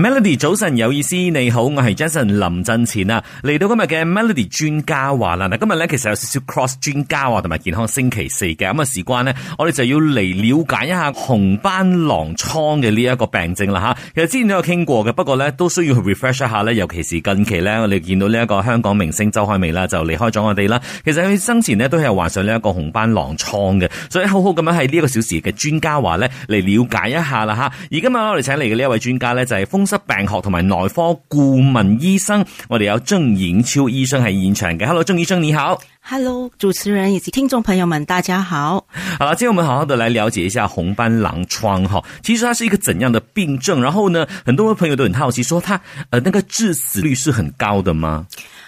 Melody 早晨有意思，你好，我係 Jason 林振前啊，嚟到今日嘅 Melody 專家話啦，今日咧，其實有少少 cross 專家話同埋健康星期四嘅，咁啊事關呢，我哋就要嚟了解一下紅斑狼瘡嘅呢一個病症啦吓。其實之前都有傾過嘅，不過咧，都需要去 refresh 一下咧，尤其是近期咧，我哋見到呢一個香港明星周海媚啦就離開咗我哋啦。其實佢生前呢，都有患上呢一個紅斑狼瘡嘅，所以好好咁樣喺呢個小時嘅專家話咧嚟了解一下啦吓。而今日我哋請嚟嘅呢一位專家咧就係風濕病學同埋內科顧問醫生，我哋有鄭瑩秋醫生喺現場嘅。Hello，鄭醫生你好。Hello，主持人以及聽眾朋友們，大家好。 好啦，今天我們好好的來了解一下紅斑狼瘡哈。其實它是一個怎樣的病症？然後呢，很多朋友都很好奇說他，它、呃、誒，那個致死率是很高的嗎？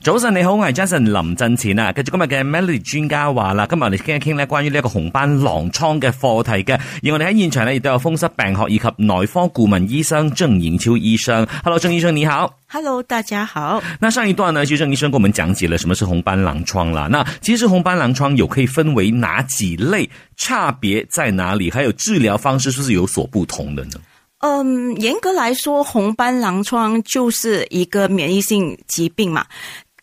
早晨你好，我係 Jason 林振前啊。繼續今日嘅 Melody 專家話啦，今日我哋傾一傾呢關於呢一個紅斑狼瘡嘅課題嘅。而我哋喺現場呢，亦都有風濕病學以及內科顧問醫生鄭瑩秋醫生。Hello，鄭醫生你好。Hello，大家好。那上一段呢，就鄭醫生跟我們講解了什麼是紅斑狼瘡啦。那其實紅斑狼瘡有可以分為哪幾類？差別在哪裏？還有治療方式是不是有所不同的呢？嗯，um, 嚴格來說，紅斑狼瘡就是一個免疫性疾病嘛。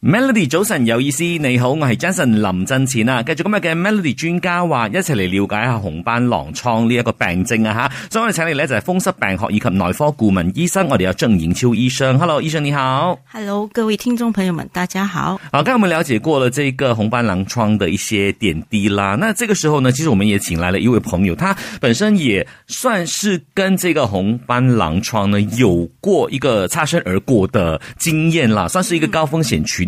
Melody 早晨有意思，你好，我係 Jason 林振錢啊。繼續今日嘅 Melody 專家話，一齊嚟了解下紅斑狼瘡呢一個病症啊吓。所以我哋請嚟咧就係風濕病學以及內科顧問醫生，我哋有鄭瑩秋醫生。Hello，醫生你好。Hello，各位聽眾朋友們，大家好。好，今日我們了解過了這個紅斑狼瘡的一些點滴啦。那這個時候呢，其實我們也請來了一位朋友，他本身也算是跟這個紅斑狼瘡呢有過一個擦身而過的經驗啦，算是一個高風險群、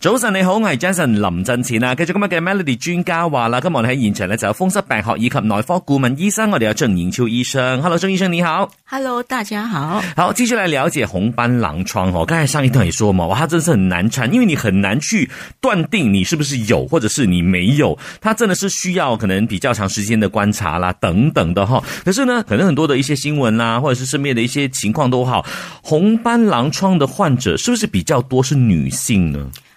早晨、啊啊、你好，我係 Jason 林振前啊。繼續今日嘅 Melody 專家話啦，今日我哋喺現場咧就有風濕病學以及內科顧問醫生，我哋有鄭瑩秋醫生，Hello 鄭醫生你好，Hello 大家好，好繼續來了解紅斑狼瘡哦。剛才上一段也說嘛，哇，它真是很難纏，因為你很難去斷定你是不是有，或者是你沒有，它真的是需要可能比較長時間的觀察啦，等等的哈。可是呢，可能很多的一些新聞啦，或者是身邊的一些情況都好，紅斑狼瘡的患者是不是比較多是女性呢？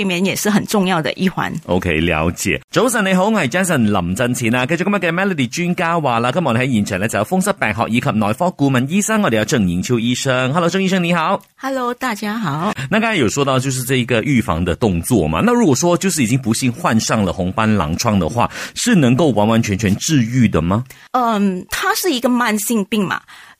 避免也是很重要的一環。OK，了解。早晨你好，我係 Jason 林振，今日嘅 Melody 專家話啦，今我哋喺現場就有風濕病學以及內科顧問醫生，我哋鄭瑩秋醫生。Hello，鄭醫生，醫生你好。Hello，大家好。那剛才有說到就是這一個預防的動作嘛。那如果說就是已經不幸患上了紅斑狼瘡的話，是能夠完完全全治愈的嗎？嗯、呃，它是一個慢性病嘛。